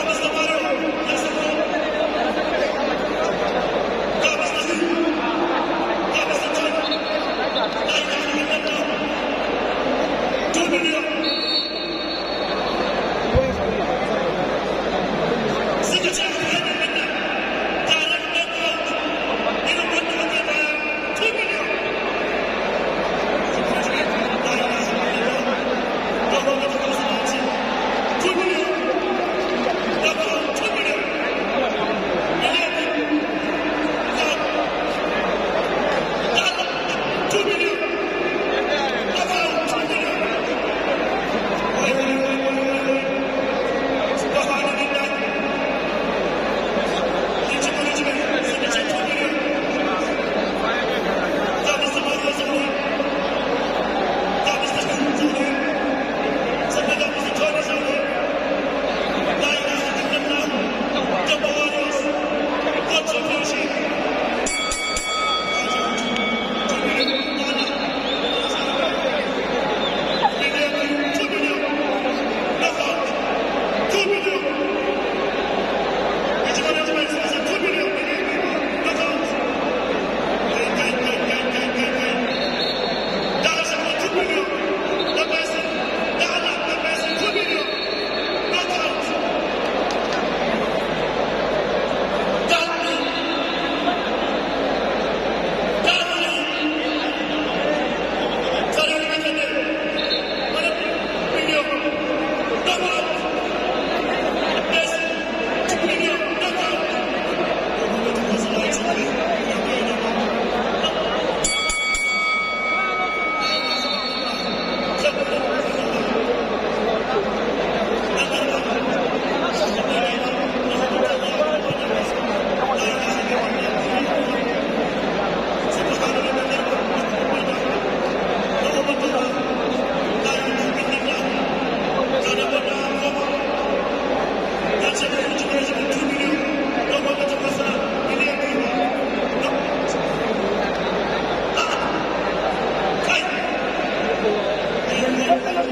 Chaves do Barão,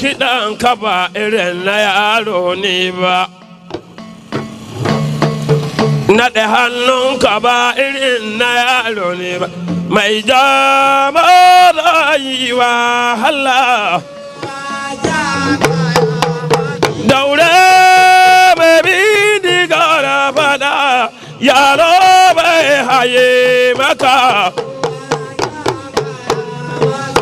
kiɗan ka ba irin na yaro ne ba naɗe hannun ka ba irin na yaro ne ba mai jama rayuwa hala daure mai bi diga fada yaro bai haye maka